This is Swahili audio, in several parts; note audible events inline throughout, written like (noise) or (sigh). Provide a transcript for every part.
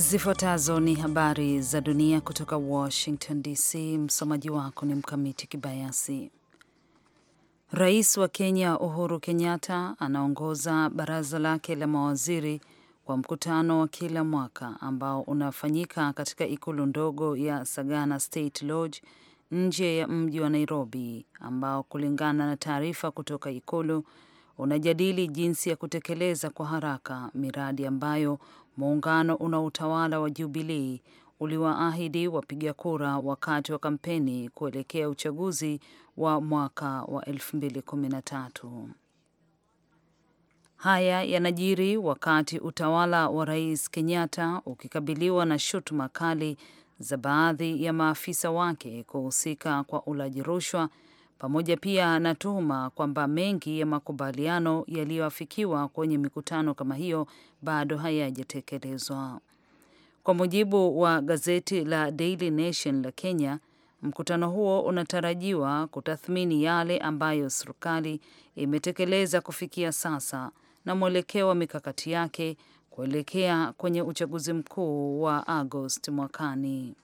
Zifuatazo ni habari za dunia kutoka Washington DC. Msomaji wako ni Mkamiti Kibayasi. Rais wa Kenya Uhuru Kenyatta anaongoza baraza lake la mawaziri kwa mkutano wa kila mwaka ambao unafanyika katika ikulu ndogo ya Sagana State Lodge nje ya mji wa Nairobi, ambao kulingana na taarifa kutoka ikulu unajadili jinsi ya kutekeleza kwa haraka miradi ambayo muungano una utawala wa Jubilii uliwaahidi wapiga kura wakati wa kampeni kuelekea uchaguzi wa mwaka wa 2013. Haya yanajiri wakati utawala wa Rais Kenyatta ukikabiliwa na shutuma kali za baadhi ya maafisa wake kuhusika kwa ulaji rushwa pamoja pia na tuhuma kwamba mengi ya makubaliano yaliyoafikiwa kwenye mikutano kama hiyo bado hayajatekelezwa. Kwa mujibu wa gazeti la Daily Nation la Kenya, mkutano huo unatarajiwa kutathmini yale ambayo serikali imetekeleza kufikia sasa na mwelekeo wa mikakati yake kuelekea kwenye uchaguzi mkuu wa Agosti mwakani.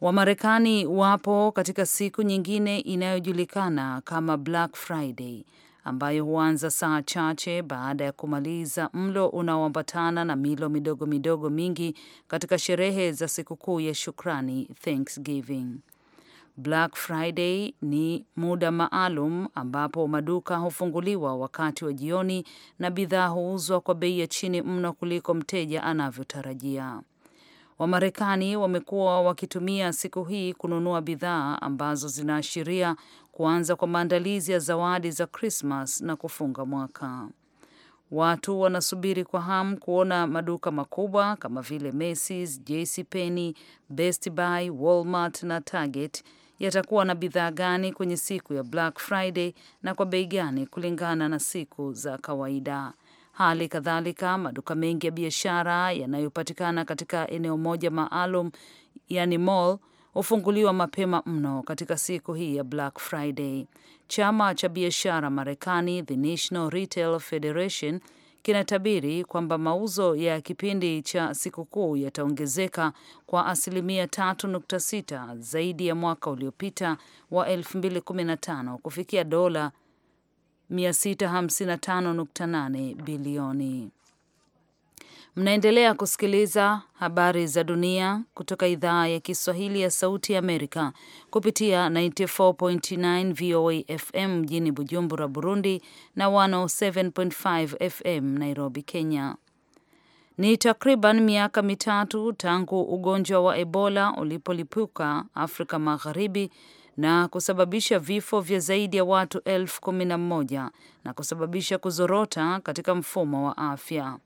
Wamarekani wapo katika siku nyingine inayojulikana kama Black Friday ambayo huanza saa chache baada ya kumaliza mlo unaoambatana na milo midogo midogo mingi katika sherehe za sikukuu ya shukrani Thanksgiving. Black Friday ni muda maalum ambapo maduka hufunguliwa wakati wa jioni na bidhaa huuzwa kwa bei ya chini mno kuliko mteja anavyotarajia. Wamarekani wamekuwa wakitumia siku hii kununua bidhaa ambazo zinaashiria kuanza kwa maandalizi ya zawadi za Krismas na kufunga mwaka. Watu wanasubiri kwa hamu kuona maduka makubwa kama vile Macy's, JCPenney, Best Buy, Walmart na Target yatakuwa na bidhaa gani kwenye siku ya Black Friday na kwa bei gani kulingana na siku za kawaida. Hali kadhalika maduka mengi ya biashara yanayopatikana katika eneo moja maalum, yani mall hufunguliwa mapema mno katika siku hii ya Black Friday. Chama cha biashara Marekani, The National Retail Federation, kinatabiri kwamba mauzo ya kipindi cha sikukuu yataongezeka kwa asilimia 3.6 zaidi ya mwaka uliopita wa 2015 kufikia dola 655.8 bilioni. Mnaendelea kusikiliza habari za dunia kutoka idhaa ya Kiswahili ya Sauti Amerika kupitia 94.9 VOA FM mjini Bujumbura, Burundi na 107.5 FM Nairobi, Kenya. Ni takriban miaka mitatu tangu ugonjwa wa Ebola ulipolipuka Afrika Magharibi na kusababisha vifo vya zaidi ya watu elfu kumi na moja na kusababisha kuzorota katika mfumo wa afya.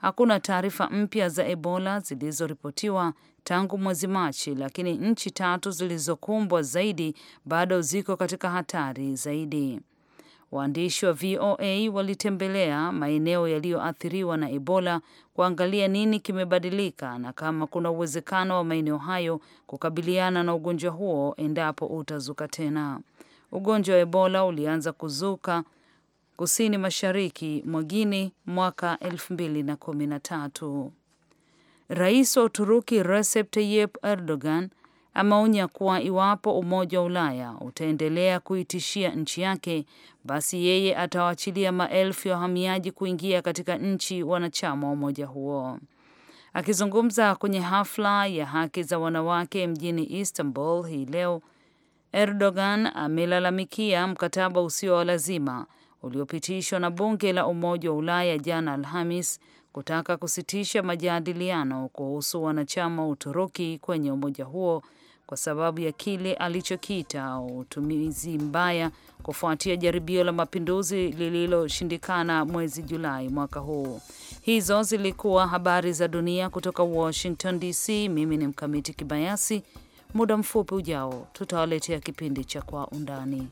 Hakuna taarifa mpya za Ebola zilizoripotiwa tangu mwezi Machi, lakini nchi tatu zilizokumbwa zaidi bado ziko katika hatari zaidi. Waandishi wa VOA walitembelea maeneo yaliyoathiriwa na Ebola kuangalia nini kimebadilika na kama kuna uwezekano wa maeneo hayo kukabiliana na ugonjwa huo endapo utazuka tena. Ugonjwa wa Ebola ulianza kuzuka kusini mashariki mwa Guinea mwaka 2013. Rais wa Uturuki Recep Tayyip Erdogan ameonya kuwa iwapo Umoja wa Ulaya utaendelea kuitishia nchi yake, basi yeye atawaachilia maelfu ya wahamiaji kuingia katika nchi wanachama wa umoja huo. Akizungumza kwenye hafla ya haki za wanawake mjini Istanbul hii leo, Erdogan amelalamikia mkataba usio wa lazima uliopitishwa na bunge la Umoja wa Ulaya jana Alhamis kutaka kusitisha majadiliano kuhusu wanachama wa Uturuki kwenye umoja huo kwa sababu ya kile alichokiita utumizi mbaya kufuatia jaribio la mapinduzi lililoshindikana mwezi Julai mwaka huu. Hizo zilikuwa habari za dunia kutoka Washington DC. Mimi ni Mkamiti Kibayasi. Muda mfupi ujao tutawaletea kipindi cha Kwa Undani.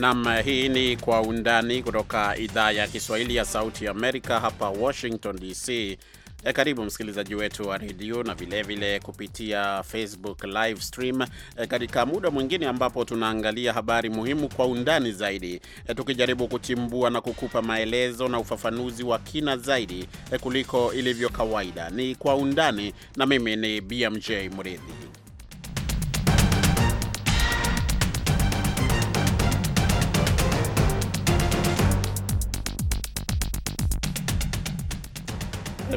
Nam, hii ni Kwa Undani kutoka idhaa ya Kiswahili ya Sauti ya Amerika hapa Washington DC. E, karibu msikilizaji wetu wa redio na vilevile kupitia Facebook live stream e, katika muda mwingine ambapo tunaangalia habari muhimu kwa undani zaidi e, tukijaribu kuchimbua na kukupa maelezo na ufafanuzi wa kina zaidi e, kuliko ilivyo kawaida. Ni Kwa Undani na mimi ni BMJ Mridhi.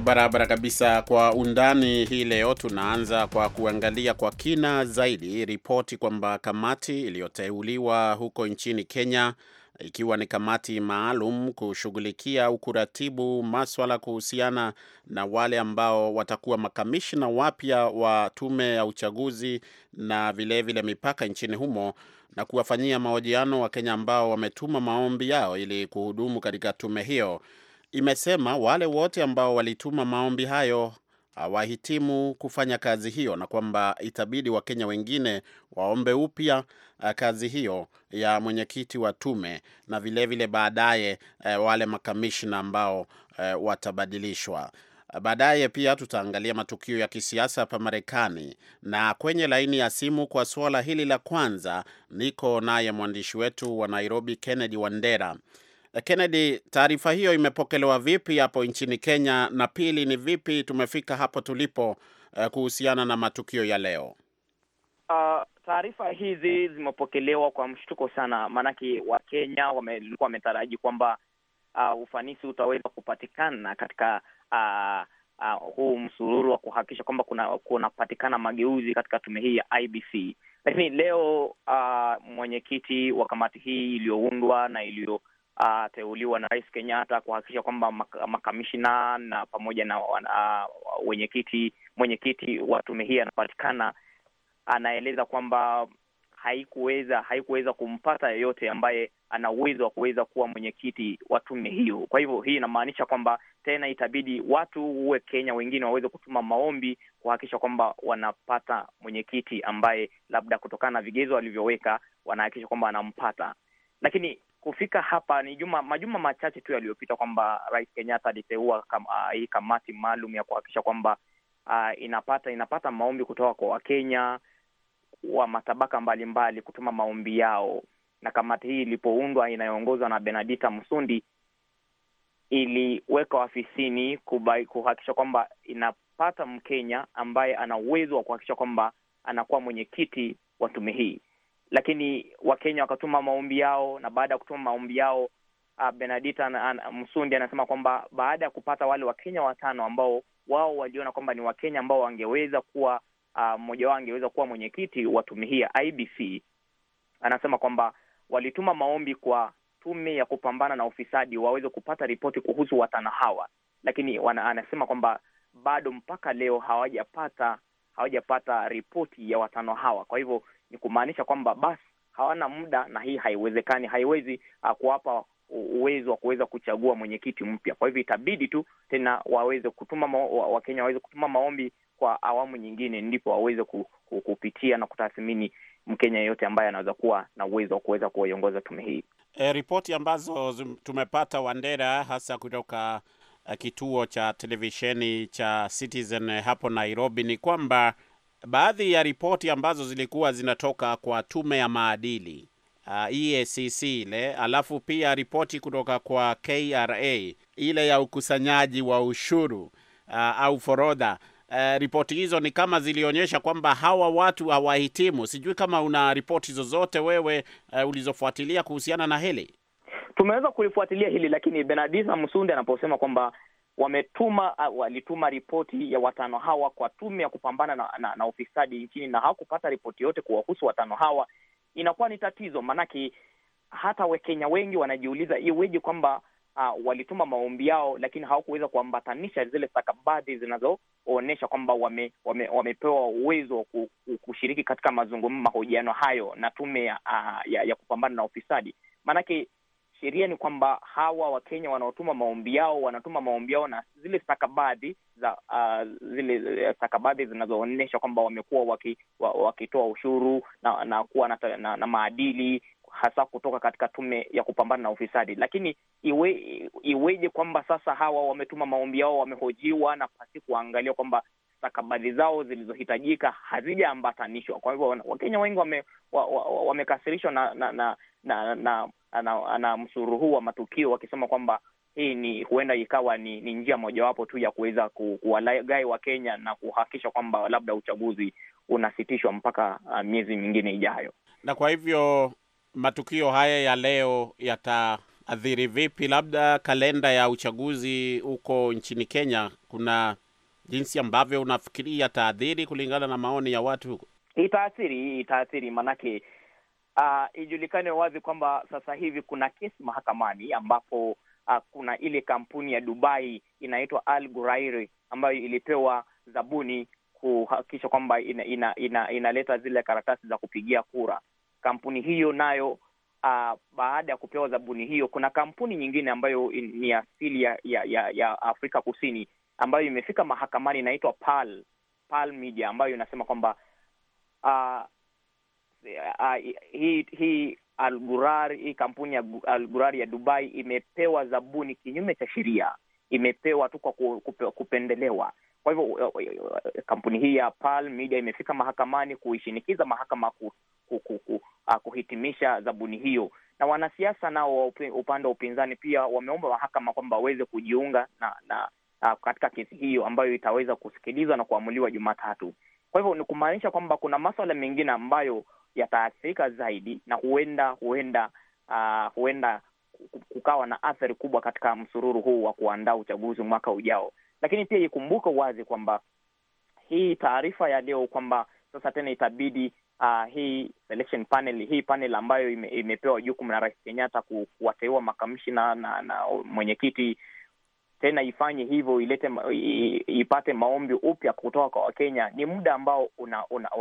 Barabara kabisa. Kwa undani hii leo, tunaanza kwa kuangalia kwa kina zaidi ripoti kwamba kamati iliyoteuliwa huko nchini Kenya, ikiwa ni kamati maalum kushughulikia au kuratibu maswala kuhusiana na wale ambao watakuwa makamishna wapya wa tume ya uchaguzi na vilevile vile mipaka nchini humo na kuwafanyia mahojiano kenya ambao wametuma maombi yao ili kuhudumu katika tume hiyo imesema wale wote ambao walituma maombi hayo hawahitimu kufanya kazi hiyo na kwamba itabidi Wakenya wengine waombe upya eh, kazi hiyo ya mwenyekiti wa tume na vilevile baadaye eh, wale makamishna ambao eh, watabadilishwa. Baadaye pia tutaangalia matukio ya kisiasa hapa Marekani, na kwenye laini ya simu kwa suala hili la kwanza niko naye mwandishi wetu wa Nairobi Kennedy Wandera. Kennedy, taarifa hiyo imepokelewa vipi hapo nchini Kenya, na pili ni vipi tumefika hapo tulipo uh, kuhusiana na matukio ya leo? Uh, taarifa hizi zimepokelewa kwa mshtuko sana, maanake Wakenya walikuwa wametaraji kwamba uh, ufanisi utaweza kupatikana katika uh, Uh, huu msururu wa kuhakikisha kwamba kuna kunapatikana mageuzi katika tume hii ya IBC, lakini leo uh, mwenyekiti wa kamati hii iliyoundwa na iliyo ateuliwa na Rais Kenyatta kuhakikisha kwamba makamishina na pamoja na wenyekiti mwenyekiti wa tume hii anapatikana, anaeleza kwamba haikuweza haikuweza kumpata yeyote ambaye ana uwezo wa kuweza kuwa mwenyekiti wa tume hiyo. Kwa hivyo hii inamaanisha kwamba tena itabidi watu uwe Kenya wengine waweze kutuma maombi kuhakikisha kwamba wanapata mwenyekiti ambaye labda kutokana na vigezo walivyoweka wanahakikisha kwamba anampata Lakini kufika hapa ni juma, majuma machache tu yaliyopita kwamba Rais Kenyatta aliteua kam, uh, hii kamati maalum ya kuhakikisha kwamba uh, inapata inapata maombi kutoka kwa Wakenya wa matabaka mbalimbali kutuma maombi yao, na kamati hii ilipoundwa inayoongozwa na benadita Msundi iliweka ofisini kuhakikisha kwamba inapata Mkenya ambaye ana uwezo wa kuhakikisha kwamba anakuwa mwenyekiti wa tume hii lakini Wakenya wakatuma maombi yao, na baada ya kutuma maombi yao uh, Benedita an, Msundi anasema kwamba baada ya kupata wale Wakenya watano ambao wao waliona kwamba ni Wakenya ambao wangeweza kuwa uh, mmoja uh, wao angeweza kuwa mwenyekiti wa tume hii ya IBC, anasema kwamba walituma maombi kwa tume ya kupambana na ufisadi waweze kupata ripoti kuhusu watano hawa, lakini wana, anasema kwamba bado mpaka leo hawajapata hawajapata ripoti ya watano hawa. Kwa hivyo ni kumaanisha kwamba basi hawana muda na hii haiwezekani, haiwezi ah, kuwapa uwezo wa kuweza kuchagua mwenyekiti mpya. Kwa hivyo itabidi tu tena waweze kutuma Wakenya waweze kutuma maombi kwa awamu nyingine, ndipo waweze kupitia na kutathmini Mkenya yeyote ambaye anaweza kuwa na uwezo wa kuweza kuwaiongoza tume hii. E, ripoti ambazo tumepata Wandera, hasa kutoka eh, kituo cha televisheni cha Citizen eh, hapo Nairobi, ni kwamba baadhi ya ripoti ambazo zilikuwa zinatoka kwa tume ya maadili uh, EACC ile, alafu pia ripoti kutoka kwa KRA ile ya ukusanyaji wa ushuru uh, au forodha uh, ripoti hizo ni kama zilionyesha kwamba hawa watu hawahitimu. Sijui kama una ripoti zozote wewe uh, ulizofuatilia kuhusiana na hili. Tumeweza kulifuatilia hili lakini benadisa Msunde anaposema kwamba wametuma walituma ripoti ya watano hawa kwa tume ya kupambana na, na, na ufisadi nchini na hawakupata ripoti yote kuwahusu watano hawa. Inakuwa ni tatizo, maanake hata Wakenya wengi wanajiuliza iweje kwamba uh, walituma maombi yao lakini hawakuweza kuambatanisha zile stakabadhi zinazoonyesha kwamba wame, wame, wamepewa uwezo wa kushiriki katika mazungumzo, mahojiano hayo na tume ya, uh, ya, ya kupambana na ufisadi maanake sheria ni kwamba hawa Wakenya wanaotuma maombi yao wanatuma maombi yao na zile stakabadhi za uh, zile eh, stakabadhi zinazoonyesha kwamba wamekuwa wakitoa waki ushuru na, na kuwa na, na, na maadili hasa kutoka katika tume ya kupambana na ufisadi. Lakini iwe, iweje kwamba sasa hawa wametuma maombi yao wamehojiwa na pasi kuangalia kwamba stakabadhi zao zilizohitajika hazijaambatanishwa. Kwa hivyo Wakenya wengi wamekasirishwa wa na, na, na, na, na ana, ana msururu huu wa matukio wakisema kwamba hii ni huenda ikawa ni, ni njia mojawapo tu ya kuweza ku, kuwalagai kenya na kuhakikisha kwamba labda uchaguzi unasitishwa mpaka uh, miezi mingine ijayo. Na kwa hivyo matukio haya ya leo yataathiri vipi labda kalenda ya uchaguzi huko nchini Kenya? Kuna jinsi ambavyo unafikiria yataathiri kulingana na maoni ya watu? Itaathiri, itaathiri maanake uh, ijulikane wazi kwamba sasa hivi kuna kesi mahakamani ambapo uh, kuna ile kampuni ya Dubai inaitwa Al Ghurairi ambayo ilipewa zabuni kuhakikisha kwamba inaleta ina, ina, ina zile karatasi za kupigia kura. Kampuni hiyo nayo Uh, baada ya kupewa zabuni hiyo, kuna kampuni nyingine ambayo ni asili ya, ya, ya Afrika Kusini ambayo imefika mahakamani inaitwa Pal Pal Media ambayo inasema kwamba uh, uh, hii hi, Alburari, hii kampuni ya Algurar ya Dubai imepewa zabuni kinyume cha sheria, imepewa tu kwa kupendelewa. Kwa hivyo uh, uh, uh, kampuni hii ya Pal Media imefika mahakamani kuishinikiza mahakama ku, ku, ku, ku, uh, kuhitimisha zabuni hiyo, na wanasiasa nao wa upande wa upinzani pia wameomba mahakama kwamba waweze kujiunga na, na uh, katika kesi hiyo ambayo itaweza kusikilizwa na kuamuliwa Jumatatu. Kwa hivyo ni kumaanisha kwamba kuna maswala mengine ambayo yataathirika zaidi na huenda huenda uh, huenda kukawa na athari kubwa katika msururu huu wa kuandaa uchaguzi mwaka ujao. Lakini pia ikumbuke wazi kwamba hii taarifa ya leo kwamba sasa tena itabidi uh, hii selection panel, hii panel ambayo ime, imepewa jukumu na Rais Kenyatta kuwateua makamishina na, na mwenyekiti tena ifanye hivyo, ilete ipate maombi upya kutoka kwa Wakenya, ni muda ambao unayoyoma una,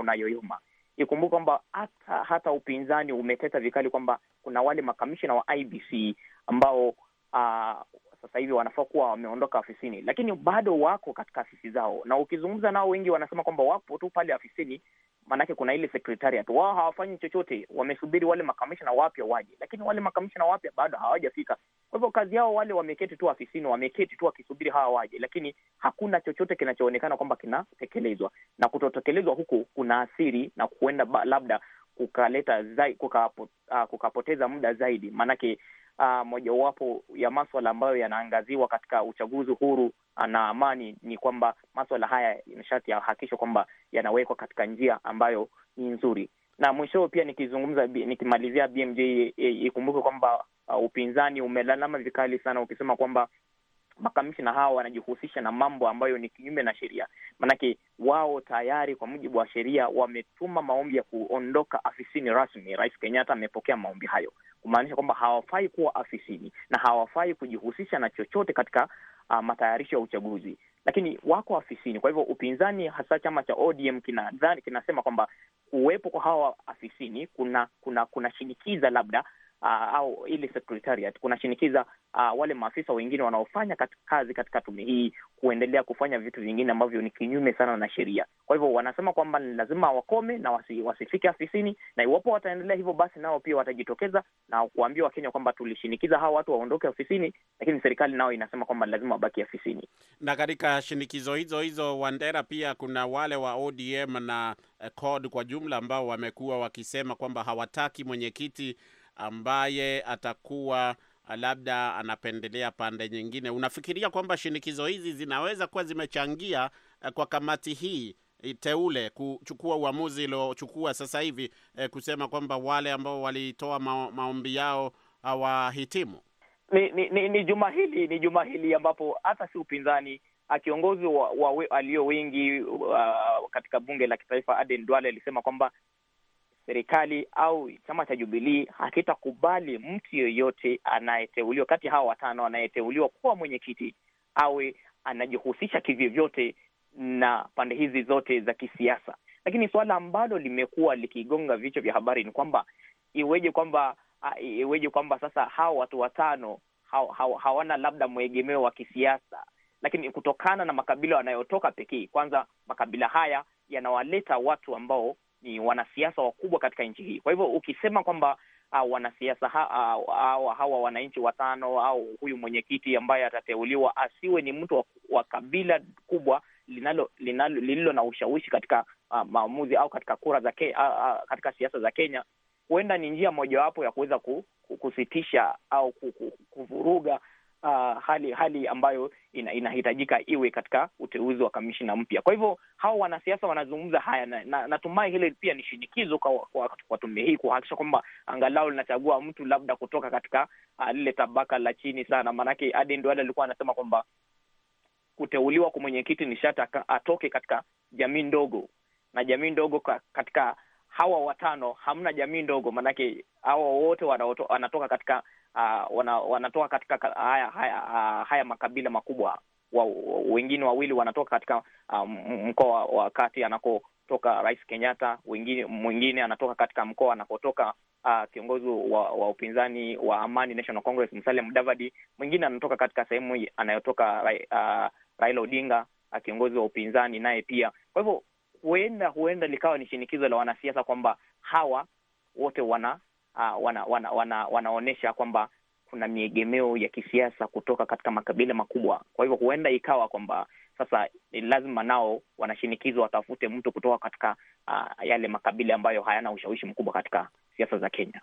una Ikumbuka kwamba hata hata upinzani umeteta vikali kwamba kuna wale makamishina wa IBC ambao uh, sasa hivi wanafaa kuwa wameondoka afisini, lakini bado wako katika afisi zao, na ukizungumza nao wengi wanasema kwamba wapo tu pale afisini maanake kuna ile secretariat wao hawafanyi chochote, wamesubiri wale makamishna wapya waje, lakini wale makamishna wapya bado hawajafika. Kwa hivyo kazi yao wale wameketi tu afisini, wameketi tu wakisubiri hawa waje, lakini hakuna chochote kinachoonekana kwamba kinatekelezwa, na kutotekelezwa huku kuna athiri na kuenda labda kukaleta zai, kukapo, uh, kukapoteza muda zaidi maanake uh, mojawapo ya maswala ambayo yanaangaziwa katika uchaguzi huru ah, na amani ni kwamba maswala haya nishati yahakikishwa kwamba yanawekwa katika njia ambayo ni nzuri. Na mwishowe pia nikizungumza, nikimalizia BMJ, e, ikumbuke kwamba uh, upinzani umelalama vikali sana ukisema kwamba makamishina hawa wanajihusisha na mambo ambayo ni kinyume na sheria. Maanake wao tayari kwa mujibu wa sheria wametuma maombi ya kuondoka afisini rasmi. Rais Kenyatta amepokea maombi hayo, kumaanisha kwamba hawafai kuwa afisini na hawafai kujihusisha na chochote katika uh, matayarisho ya uchaguzi, lakini wako afisini. Kwa hivyo upinzani, hasa chama cha ODM kinadhani, kinasema kwamba kuwepo kwa hawa afisini kuna kuna kuna shinikiza labda uh, au ile secretariat kunashinikiza uh, wale maafisa wengine wanaofanya kazi katika tume hii kuendelea kufanya vitu vingine ambavyo ni kinyume sana na sheria. Kwa hivyo wanasema kwamba ni lazima wakome na wasi, wasifike afisini, na iwapo wataendelea hivyo, basi nao pia watajitokeza na kuambia Wakenya kwamba tulishinikiza hawa watu waondoke ofisini, lakini serikali nao inasema kwamba lazima wabaki afisini Na katika shinikizo hizo hizo, Wandera, pia kuna wale wa ODM na eh, CORD kwa jumla ambao wamekuwa wakisema kwamba hawataki mwenyekiti ambaye atakuwa ah, labda anapendelea pande nyingine, unafikiria kwamba shinikizo hizi zinaweza kuwa zimechangia eh, kwa kamati hii teule kuchukua uamuzi iliochukua sasa hivi eh, kusema kwamba wale ambao walitoa ma maombi yao hawahitimu? Ni, ni, ni, ni juma hili ni juma hili ambapo hata si upinzani akiongozi ah, wa, wa, alio wengi uh, katika bunge la kitaifa Aden Duale alisema kwamba serikali au chama cha Jubilii hakitakubali mtu yeyote anayeteuliwa kati ya hawa watano anayeteuliwa kuwa mwenyekiti awe anajihusisha kivyovyote na pande hizi zote za kisiasa. Lakini suala ambalo limekuwa likigonga vichwa vya habari ni kwamba iweje kwamba iweje kwamba sasa hawa watu watano haw, haw, hawana labda mwegemeo wa kisiasa, lakini kutokana na makabila wanayotoka pekee. Kwanza makabila haya yanawaleta watu ambao ni wanasiasa wakubwa katika nchi hii. Kwa hivyo ukisema kwamba uh, wanasiasa ah, ah, hawa uh, uh, uh, wananchi watano au uh, huyu mwenyekiti ambaye atateuliwa asiwe ni mtu wa, wa kabila kubwa linalo, linalo, lililo na ushawishi katika uh, maamuzi au katika kura za ke, uh, uh, katika siasa za Kenya, huenda ni njia mojawapo ya kuweza kusitisha au kuvuruga uh, hali hali ambayo ina, inahitajika iwe katika uteuzi wa kamishina mpya. Kwa hivyo hawa wanasiasa wanazungumza haya na, na, natumai hili pia ni shinikizo kwa, kwa, kwa tume hii kuhakikisha kwamba angalau linachagua mtu labda kutoka katika uh, lile tabaka la chini sana, maanake Aden Duale alikuwa anasema kwamba kuteuliwa kwa mwenyekiti ni shata atoke katika jamii ndogo, na jamii ndogo katika hawa watano hamna jamii ndogo, maanake hawa wote wanatoka katika uh, wana, wanatoka katika haya, haya, ah, haya makabila makubwa wa, wengine wawili wanatoka katika um, mkoa wa kati anakotoka Rais Kenyatta, mwingine anatoka katika mkoa anakotoka uh, kiongozi wa, wa upinzani wa Amani National Congress Musalia Mudavadi, mwingine anatoka katika sehemu anayotoka uh, Raila Odinga uh, kiongozi wa upinzani naye pia. Kwa hivyo huenda huenda likawa ni shinikizo la wanasiasa kwamba hawa wote wana uh, wana, wana, wana, wanaonyesha kwamba kuna miegemeo ya kisiasa kutoka katika makabila makubwa. Kwa hivyo huenda ikawa kwamba sasa lazima nao wanashinikizwa watafute mtu kutoka katika uh, yale makabila ambayo hayana ushawishi mkubwa katika siasa za Kenya.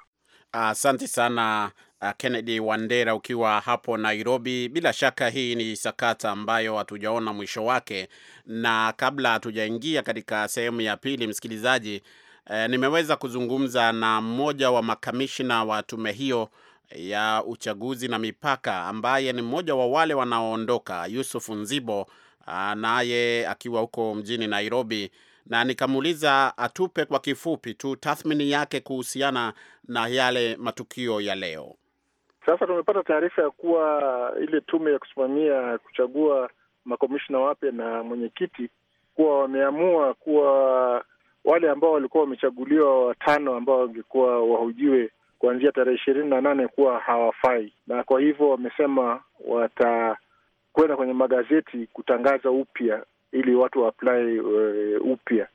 Asante uh, sana uh, Kennedy Wandera ukiwa hapo Nairobi. Bila shaka hii ni sakata ambayo hatujaona mwisho wake, na kabla hatujaingia katika sehemu ya pili, msikilizaji eh, nimeweza kuzungumza na mmoja wa makamishina wa tume hiyo ya uchaguzi na mipaka ambaye ni mmoja wa wale wanaoondoka, Yusuf Nzibo, ah, naye akiwa huko mjini Nairobi, na nikamuuliza atupe kwa kifupi tu tathmini yake kuhusiana na yale matukio ya leo. Sasa tumepata taarifa ya kuwa ile tume ya kusimamia kuchagua makomishna wapya na mwenyekiti kuwa wameamua kuwa wale ambao walikuwa wamechaguliwa watano ambao wangekuwa wahojiwe kuanzia tarehe ishirini na nane kuwa hawafai, na kwa hivyo wamesema watakwenda kwenye magazeti kutangaza upya ili watu waapply uh, eh, upya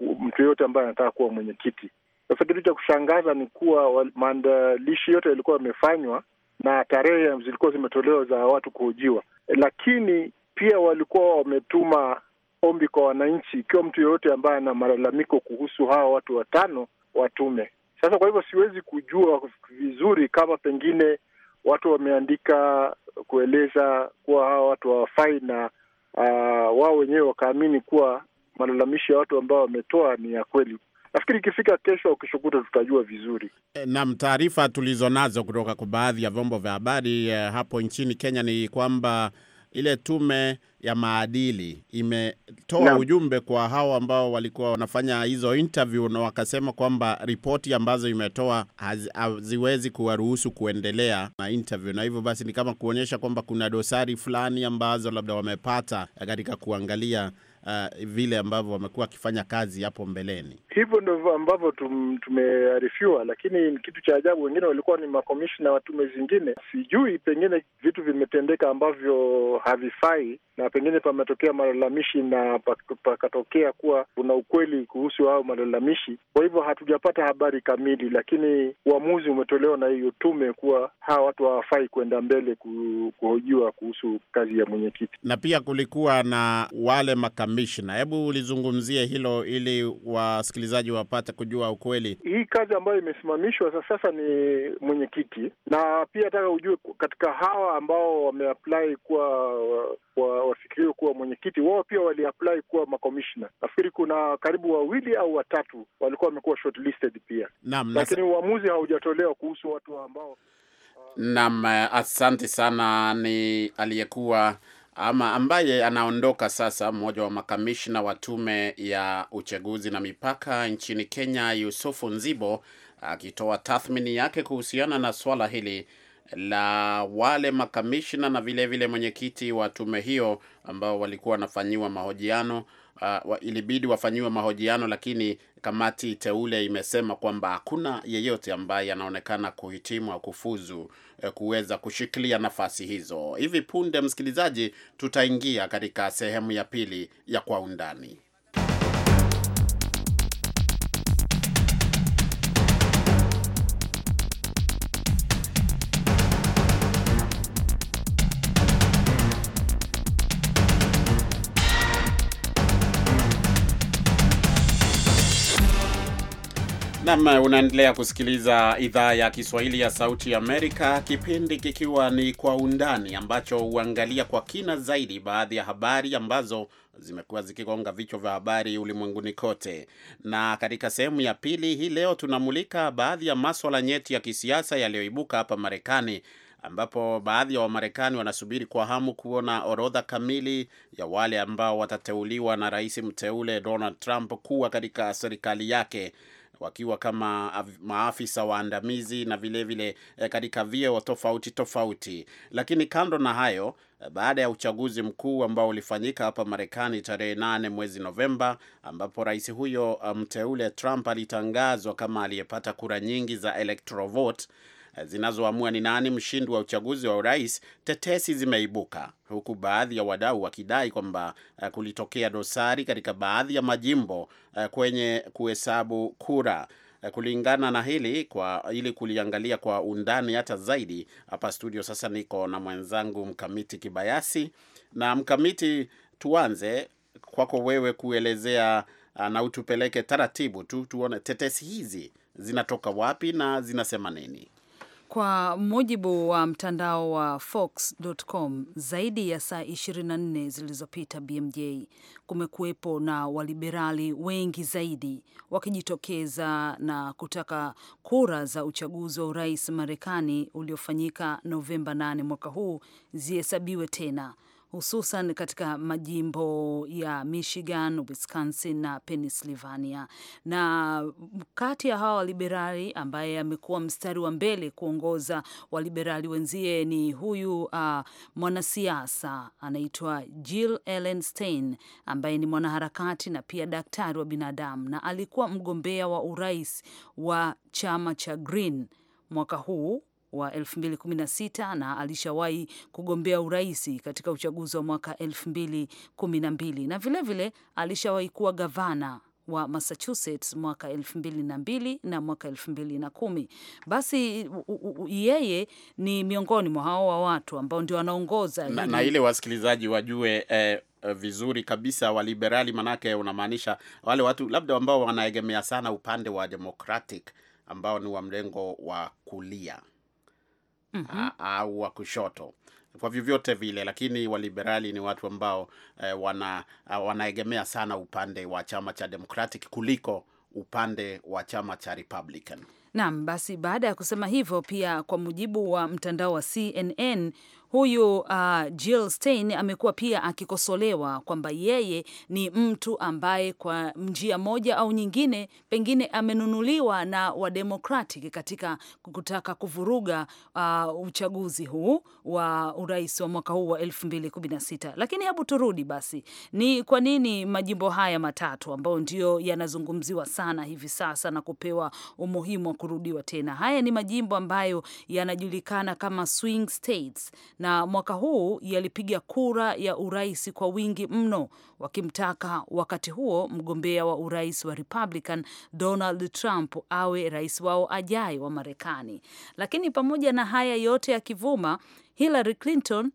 uh, mtu yeyote ambaye anataka kuwa mwenyekiti. Sasa kitu cha kushangaza ni kuwa maandalishi yote yalikuwa yamefanywa na tarehe zilikuwa zimetolewa za watu kuhojiwa, lakini pia walikuwa wametuma ombi kwa wananchi, ikiwa mtu yeyote ambaye ana malalamiko kuhusu hawa watu watano watume. Sasa kwa hivyo siwezi kujua vizuri kama pengine watu wameandika kueleza kuwa hawa watu hawafai na uh, wao wenyewe wakaamini kuwa malalamishi ya watu ambao wametoa ni ya kweli. Nafikiri ikifika kesho au kesho tutajua vizuri. E, eh, nam taarifa tulizo nazo kutoka kwa baadhi ya vyombo vya habari e, hapo nchini Kenya ni kwamba ile tume ya maadili imetoa no. ujumbe kwa hao ambao walikuwa wanafanya hizo interview na wakasema kwamba ripoti ambazo imetoa haziwezi kuwaruhusu kuendelea na interview, na hivyo basi ni kama kuonyesha kwamba kuna dosari fulani ambazo labda wamepata katika kuangalia uh, vile ambavyo wamekuwa wakifanya kazi hapo mbeleni. Hivyo ndivyo ambavyo tum, tumearifiwa, lakini kitu cha ajabu, wengine walikuwa ni makomishna wa tume zingine. Sijui pengine vitu vimetendeka ambavyo havifai, na pengine pametokea malalamishi na pakatokea kuwa kuna ukweli kuhusu ao malalamishi. Kwa hivyo hatujapata habari kamili, lakini uamuzi umetolewa na hiyo tume kuwa hawa watu hawafai kwenda mbele kuhojiwa kuhusu kazi ya mwenyekiti, na pia kulikuwa na wale makam kamishna. Hebu ulizungumzie hilo ili wasikilizaji wapate kujua ukweli. Hii kazi ambayo imesimamishwa sasa ni mwenyekiti, na pia nataka ujue katika hawa ambao wameapply kuwa wafikiriwe kuwa mwenyekiti, wao pia waliapply kuwa makomishna. Nafikiri kuna karibu wawili au watatu walikuwa wamekuwa shortlisted pia. Naam, lakini uamuzi haujatolewa kuhusu watu ambao Naam, eh, asante sana. Ni aliyekuwa ama ambaye anaondoka sasa, mmoja wa makamishna wa tume ya uchaguzi na mipaka nchini Kenya, Yusufu Nzibo akitoa tathmini yake kuhusiana na swala hili la wale makamishna na vilevile mwenyekiti wa tume hiyo ambao walikuwa wanafanyiwa mahojiano. Uh, ilibidi wafanyiwe mahojiano, lakini kamati teule imesema kwamba hakuna yeyote ambaye anaonekana kuhitimu au kufuzu eh, kuweza kushikilia nafasi hizo. Hivi punde, msikilizaji, tutaingia katika sehemu ya pili ya kwa undani. Nam, unaendelea kusikiliza idhaa ya Kiswahili ya Sauti Amerika, kipindi kikiwa ni Kwa Undani, ambacho huangalia kwa kina zaidi baadhi ya habari ambazo zimekuwa zikigonga vichwa vya habari ulimwenguni kote. Na katika sehemu ya pili hii leo tunamulika baadhi ya maswala nyeti ya kisiasa yaliyoibuka hapa Marekani, ambapo baadhi ya Wamarekani wanasubiri kwa hamu kuona orodha kamili ya wale ambao watateuliwa na rais mteule Donald Trump kuwa katika serikali yake wakiwa kama maafisa waandamizi na vilevile vile eh, katika vyeo tofauti tofauti. Lakini kando na hayo, eh, baada ya uchaguzi mkuu ambao ulifanyika hapa Marekani tarehe nane mwezi Novemba, ambapo rais huyo eh, mteule Trump alitangazwa kama aliyepata kura nyingi za electoral vote zinazoamua ni nani mshindi wa uchaguzi wa urais, tetesi zimeibuka huku baadhi ya wadau wakidai kwamba eh, kulitokea dosari katika baadhi ya majimbo eh, kwenye kuhesabu kura. Eh, kulingana na hili kwa, ili kuliangalia kwa undani hata zaidi, hapa studio sasa niko na mwenzangu Mkamiti Kibayasi. Na Mkamiti, tuanze kwako wewe kuelezea na utupeleke taratibu tu tuone tetesi hizi zinatoka wapi na zinasema nini? Kwa mujibu wa mtandao wa Fox.com, zaidi ya saa 24 zilizopita, BMJ, kumekuwepo na waliberali wengi zaidi wakijitokeza na kutaka kura za uchaguzi wa urais Marekani uliofanyika Novemba 8 mwaka huu zihesabiwe tena hususan katika majimbo ya Michigan, Wisconsin na Pennsylvania. Na kati ya hawa waliberali ambaye amekuwa mstari wa mbele kuongoza waliberali wenzie ni huyu uh, mwanasiasa anaitwa Jill Ellen Stein ambaye ni mwanaharakati na pia daktari wa binadamu na alikuwa mgombea wa urais wa chama cha Green mwaka huu wa 2016 na alishawahi kugombea urais katika uchaguzi wa mwaka 2012 na vilevile alishawahi kuwa gavana wa Massachusetts mwaka 2002 na na mwaka 2010. Basi u, u, yeye ni miongoni mwa hao wa watu ambao ndio wanaongoza na, na ile wasikilizaji wajue eh, eh vizuri kabisa wa liberali, manake unamaanisha wale watu labda ambao wanaegemea sana upande wa Democratic ambao ni wa mrengo wa kulia mm -hmm. au wa kushoto kwa vyovyote vile, lakini waliberali ni watu ambao eh, wana, eh, wanaegemea sana upande wa chama cha Democratic kuliko upande wa chama cha Republican. Naam, basi baada ya kusema hivyo, pia kwa mujibu wa mtandao wa CNN Huyu uh, Jill Stein amekuwa pia akikosolewa kwamba yeye ni mtu ambaye kwa njia moja au nyingine pengine amenunuliwa na Wademokratic katika kutaka kuvuruga uh, uchaguzi huu wa urais wa mwaka huu wa 2016. Lakini hebu turudi basi, ni kwa nini majimbo haya matatu ambayo ndio yanazungumziwa sana hivi sasa na kupewa umuhimu wa kurudiwa tena? Haya ni majimbo ambayo yanajulikana kama swing states na mwaka huu yalipiga kura ya urais kwa wingi mno, wakimtaka wakati huo mgombea wa urais wa Republican Donald Trump awe rais wao ajaye wa Marekani. Lakini pamoja na haya yote yakivuma, Hillary Clinton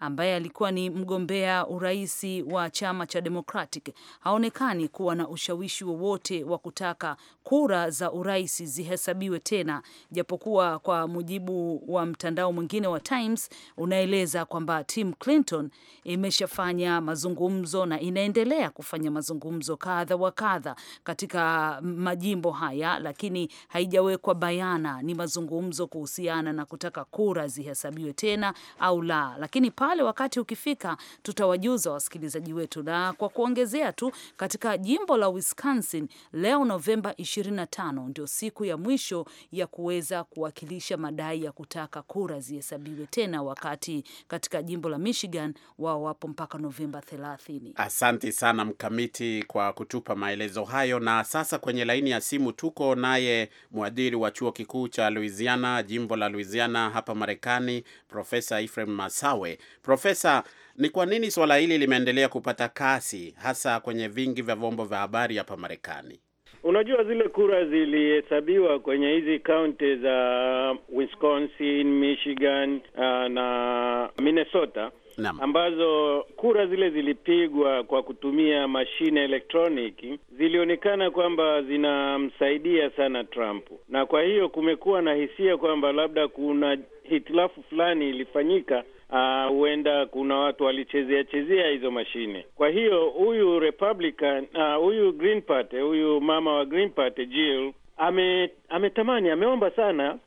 ambaye alikuwa ni mgombea urais wa chama cha Democratic haonekani kuwa na ushawishi wowote wa, kutaka kura za urais zihesabiwe tena, japokuwa kwa mujibu wa mtandao mwingine wa Times unaeleza kwamba Tim Clinton imeshafanya mazungumzo na inaendelea kufanya mazungumzo kadha wa kadha katika majimbo haya, lakini haijawekwa bayana ni mazungumzo kuhusiana na kutaka kura zihesabiwe tena au la, lakini pale wakati ukifika tutawajuza wasikilizaji wetu. Na kwa kuongezea tu, katika jimbo la Wisconsin leo Novemba 25 ndio siku ya mwisho ya kuweza kuwakilisha madai ya kutaka kura zihesabiwe tena, wakati katika jimbo la Michigan wao wapo mpaka Novemba 30. Asante sana Mkamiti kwa kutupa maelezo hayo. Na sasa kwenye laini ya simu tuko naye mwadhiri wa chuo kikuu cha Louisiana, jimbo la Louisiana hapa Marekani, Profesa Ephraim Masawe Profesa, ni kwa nini swala hili limeendelea kupata kasi hasa kwenye vingi vya vyombo vya habari hapa Marekani? Unajua, zile kura zilihesabiwa kwenye hizi kaunti za Wisconsin, Michigan uh, na Minnesota Nam. ambazo kura zile zilipigwa kwa kutumia mashine elektroniki zilionekana kwamba zinamsaidia sana Trump, na kwa hiyo kumekuwa na hisia kwamba labda kuna hitilafu fulani ilifanyika Ah, huenda uh, kuna watu walichezea chezea hizo mashine. Kwa hiyo huyu Republican ah, huyu uh, Green Party huyu mama wa Green Party Jill ame- ametamani ameomba sana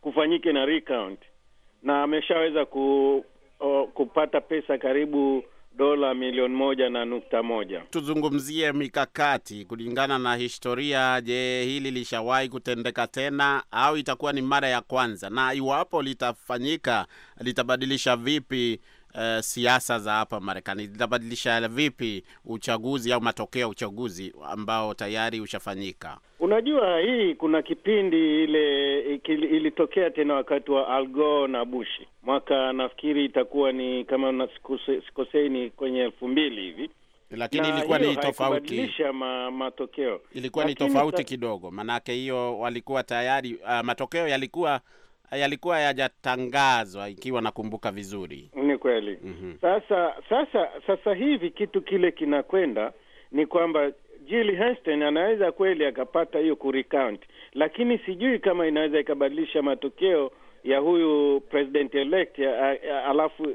kufanyike na recount na ameshaweza ku, uh, kupata pesa karibu dola milioni moja na nukta moja. Tuzungumzie mikakati kulingana na historia. Je, hili lishawahi kutendeka tena au itakuwa ni mara ya kwanza, na iwapo litafanyika litabadilisha vipi uh, siasa za hapa Marekani zitabadilisha vipi uchaguzi au matokeo ya uchaguzi ambao tayari ushafanyika? Unajua, hii kuna kipindi ile ilitokea tena wakati wa Al Gore na Bush mwaka, nafikiri itakuwa ni kama sikosei, ni kwenye elfu mbili hivi lakini na ilikuwa ni tofauti ma, matokeo ilikuwa ni tofauti ta... kidogo, maanake hiyo walikuwa tayari uh, matokeo yalikuwa yalikuwa yajatangazwa ikiwa nakumbuka vizuri. Ni kweli. mm -hmm. Sasa sasa sasa hivi kitu kile kinakwenda ni kwamba Jill anaweza kweli akapata hiyo kurecount, lakini sijui kama inaweza ikabadilisha matokeo ya huyu president elect ya, ya, alafu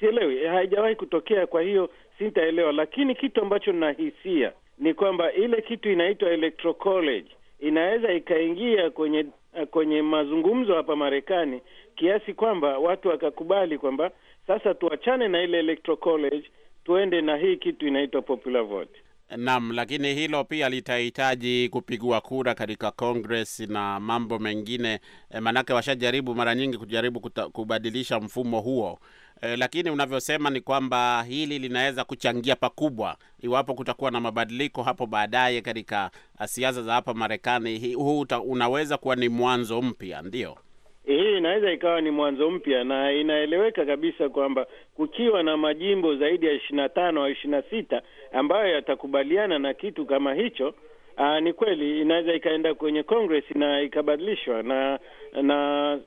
sielewi, haijawahi kutokea, kwa hiyo sintaelewa. Lakini kitu ambacho nahisia ni kwamba ile kitu inaitwa college inaweza ikaingia kwenye Eh, kwenye mazungumzo hapa Marekani kiasi kwamba watu wakakubali kwamba sasa tuachane na ile electoral college tuende na hii kitu inaitwa popular vote. Naam, lakini hilo pia litahitaji kupigwa kura katika Congress na mambo mengine, eh, maanake washajaribu mara nyingi kujaribu kuta, kubadilisha mfumo huo. E, lakini unavyosema ni kwamba hili linaweza kuchangia pakubwa iwapo kutakuwa na mabadiliko hapo baadaye katika ah, siasa za hapa Marekani. Huu unaweza kuwa ni mwanzo mpya, ndio hii inaweza ikawa ni mwanzo mpya, na inaeleweka kabisa kwamba kukiwa na majimbo zaidi ya ishirini na tano au ishirini na sita ambayo yatakubaliana na kitu kama hicho, aa, ah, ni kweli inaweza ikaenda kwenye Congress na ikabadilishwa na na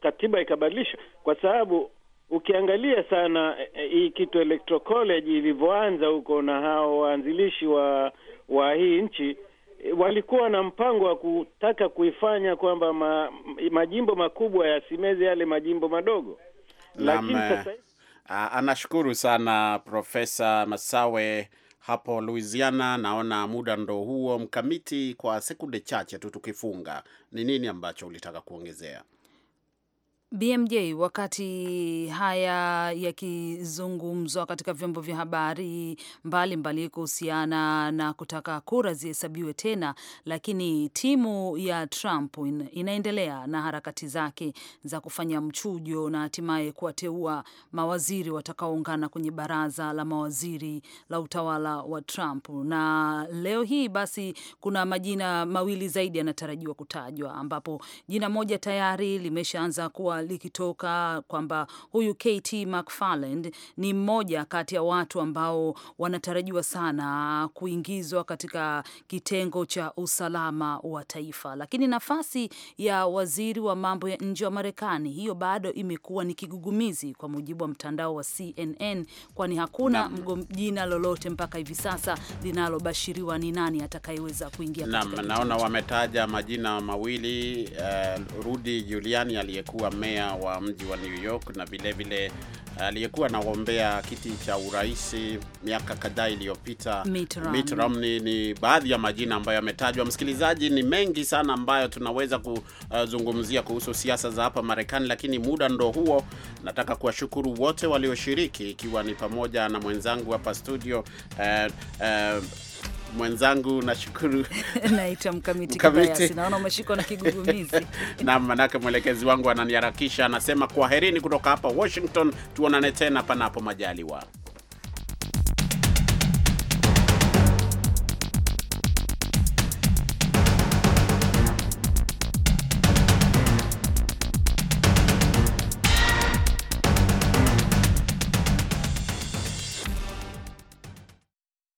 katiba ikabadilishwa, kwa sababu ukiangalia sana eh, eh, hii kitu college ilivyoanza huko na hao waanzilishi wa wa hii nchi Eh, walikuwa na mpango wa kutaka kuifanya kwamba ma, majimbo makubwa yasimeze yale majimbo madogo, lakini sasa eh, anashukuru sana Profesa Masawe hapo Louisiana. Naona muda ndo huo mkamiti, kwa sekunde chache tu tukifunga, ni nini ambacho ulitaka kuongezea? BMJ wakati haya yakizungumzwa katika vyombo vya habari mbalimbali kuhusiana na kutaka kura zihesabiwe tena, lakini timu ya Trump inaendelea na harakati zake za kufanya mchujo na hatimaye kuwateua mawaziri watakaoungana kwenye baraza la mawaziri la utawala wa Trump. Na leo hii basi kuna majina mawili zaidi yanatarajiwa kutajwa, ambapo jina moja tayari limeshaanza kuwa likitoka kwamba huyu KT McFarland ni mmoja kati ya watu ambao wanatarajiwa sana kuingizwa katika kitengo cha usalama wa taifa, lakini nafasi ya waziri wa mambo ya nje wa Marekani hiyo bado imekuwa ni kigugumizi, kwa mujibu wa mtandao wa CNN, kwani hakuna jina lolote mpaka hivi sasa linalobashiriwa ni nani atakayeweza kuingia katika. Naona wametaja majina mawili, uh, Rudy Giuliani aliyekuwa meya wa mji wa New York na vilevile eh, aliyekuwa anagombea kiti cha urais miaka kadhaa iliyopita Mitt Romney. Ni baadhi ya majina ambayo yametajwa. Msikilizaji, ni mengi sana ambayo tunaweza kuzungumzia kuhusu siasa za hapa Marekani, lakini muda ndo huo. Nataka kuwashukuru wote walioshiriki, ikiwa ni pamoja na mwenzangu hapa studio eh, eh, mwenzangu nashukuru. (laughs) naita Mkamiti Kibayasi, naona umeshikwa na kigugumizi. (laughs) Naam, manake mwelekezi wangu ananiharakisha, anasema kwaherini kutoka hapa Washington, tuonane tena panapo majaliwa.